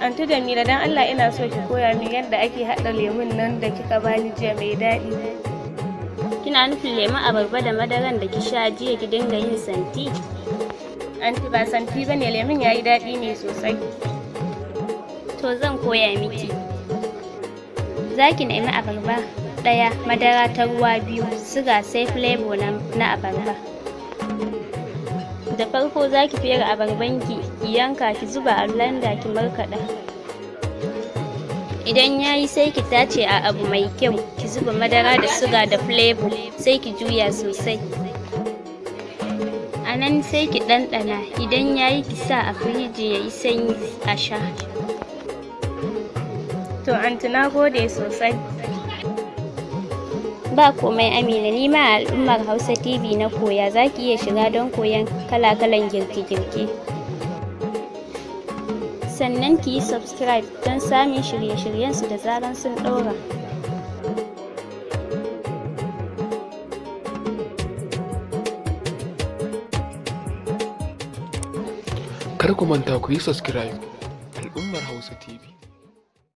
anti jamila dan allah ina so ki koya min yadda ake haɗa lemun nan da kika bani jiya mai daɗi kina nufin lemun abarba da madaran da ki sha jiya ki dinga yin santi anti ba santi ba lemun ya yi daɗi ne sosai to zan koya miki za ki nemi abarba ɗaya madara ta ruwa biyu siga sai flavor na abarba farko za ki fere abarbanki ki yanka ki zuba a blender ki markaɗa idan ya yi sai ki tace a abu mai kyau ki zuba madara da suga da flavor sai ki juya sosai a nan sai ki ɗanɗana idan ya yi ki sa a firiji ya yi sanyi a sha to an tuna gode sosai ba komai amina ni ma a al'ummar hausa tv na koya za ki iya shiga don koyon kala-kalan girke-girke sannan ki yi subscribe don samun shirye-shiryensu da zaran sun ɗora kar ku manta ku yi subscribe al'ummar hausa tv